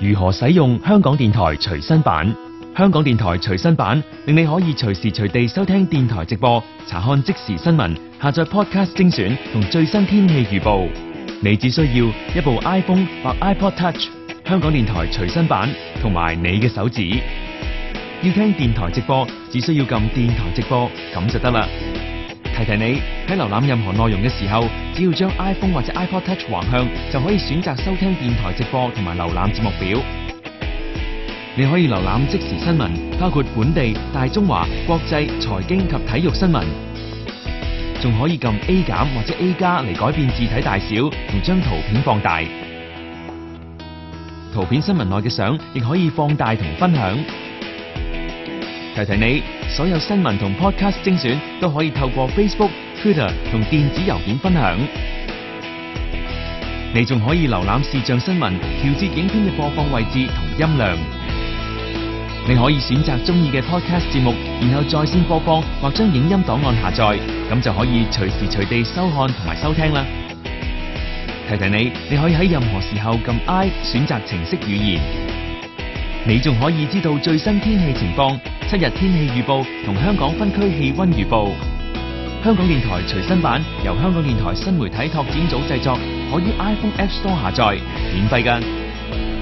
如何使用香港電台隨身版？香港電台隨身版令你可以隨時隨地收聽電台直播、查看即時新聞、下載 Podcast 精選同最新天氣預報。你只需要一部 iPhone 或 iPod Touch、香港電台隨身版同埋你嘅手指。要聽電台直播，只需要撳電台直播咁就得啦。提提你，喺瀏覽任何內容嘅時候，只要將 iPhone 或者 iPod Touch 橫向，就可以選擇收聽電台直播同埋瀏覽節目表。你可以瀏覽即時新聞，包括本地、大中華、國際、財經及體育新聞。仲可以撳 A 減或者 A 加嚟改變字體大小同將圖片放大。圖片新聞內嘅相亦可以放大同分享。提提你，所有新聞同 podcast 精選都可以透過 Facebook、Twitter 同電子郵件分享。你仲可以瀏覽視像新聞，調節影片嘅播放位置同音量。你可以選擇中意嘅 podcast 節目，然後在線播放或將影音檔案下載，咁就可以隨時隨地收看同埋收聽啦。提提你，你可以喺任何時候撳 I 選擇程式語言。你仲可以知道最新天氣情況。七日天氣預報同香港分區氣溫預報。香港電台隨身版由香港電台新媒體拓展組製作，可以 iPhone App Store 下載，免費噶，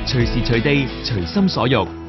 隨時隨地，隨心所欲。